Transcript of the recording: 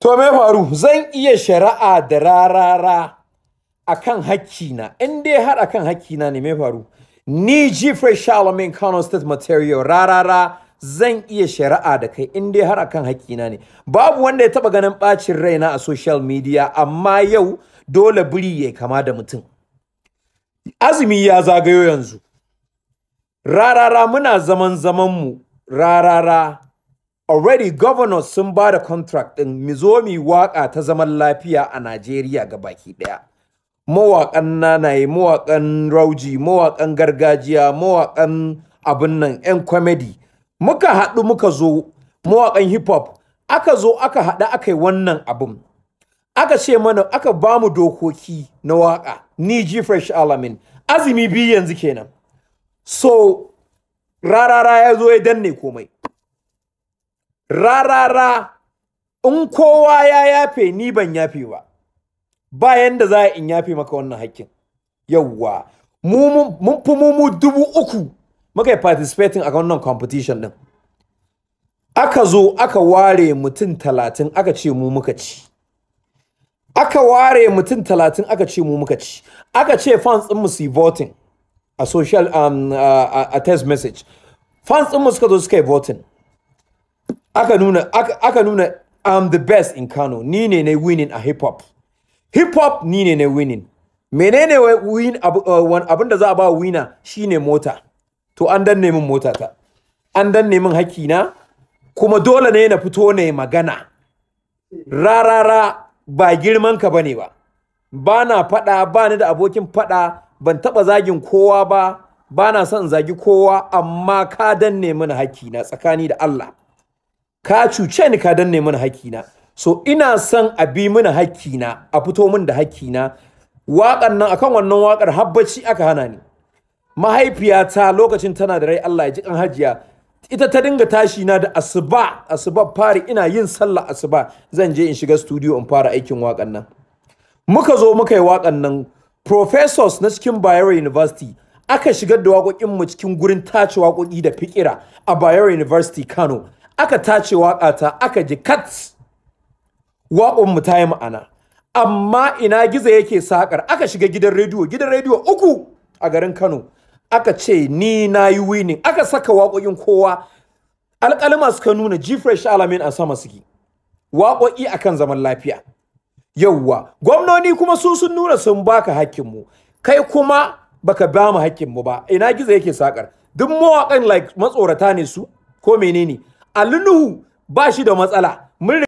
To me faru? Zan iya shari'a da rarara akan hakkina. In dai har akan hakkina ne me faru? Ni Jeffrey Charlemagne Kano State Material rarara zan iya shari'a da kai in dai har akan hakkina ne. Babu wanda ya taba ganin bacin raina a social media amma yau dole buri ya kama da mutum. Azumi ya zagayo yanzu. Rarara muna zaman zamanmu rarara already governors sun ba da contract ɗin mizomi waƙa ta zaman lafiya a Najeriya ga baki ɗaya. Mawaƙan nanaye, mawaƙan rauji, mawaƙan gargajiya, mawaƙan abin nan, 'yan comedy. Muka haɗu muka zo mawaƙan hip hop, aka zo aka haɗa aka yi wannan abin. Aka ce mana aka ba mu dokoki na waƙa, ni ji fresh alamin, azumi biyu yanzu kenan. So, rarara ya zo ya danne komai. rarara in kowa ya yafe ni ban yafe ba bayan da za in yafe maka wannan haƙƙin yawwa mun fi mu mu dubu uku muka yi participating a wannan competition din aka zo aka ware mutum talatin aka ce mu muka ci aka ware mutum talatin aka ce mu muka ci aka ce fans ɗinmu su yi voting a social um, uh, a, a text message fans ɗinmu suka zo suka yi voting aka nuna aka nuna I'm the best in Kano ni ne ne winning a hip hop hip hop ni ne ne winning menene win uh, abin da za a ba wina shine mota to an danne min mota ta an danne min haƙi na kuma dole ne na fito ne magana rarara ba girman ka bane ba ba na faɗa ba ni da abokin fada ban taba zagin kowa ba ba na son zagi kowa amma ka danne min haƙi na tsakani da Allah ka cuce ni ka danne mini hakkina so ina son a bi mini hakkina a fito min da hakkina waƙan nan akan wannan waƙar habbaci aka hana ni mahaifiyata lokacin tana da rai Allah ya ji kan hajiya ita ta dinga tashi na da asuba asuba fari ina yin sallah asuba zan je in shiga studio in fara aikin waƙan nan muka zo muka yi wakan nan professors na cikin Bayero University aka shigar da waƙoƙin mu cikin gurin tace waƙoƙi da fikira a Bayero University Kano aka tace ta, aka ji kat waƙonmu ta yi ma'ana amma ina gizo yake sakar aka shiga gidan rediyo gidan rediyo uku a garin kano aka ce ni na yi winning aka saka waƙoƙin kowa alƙalima suka nuna jifresh alamin a sama suke waƙoƙi akan zaman lafiya yauwa gwamnoni kuma su sun nuna sun baka mu. kai kuma baka ba mu hakkinmu ba ina gizo yake sakar duk mawaƙan like matsorata ne su ko menene Ali Nuhu ba shi da matsala.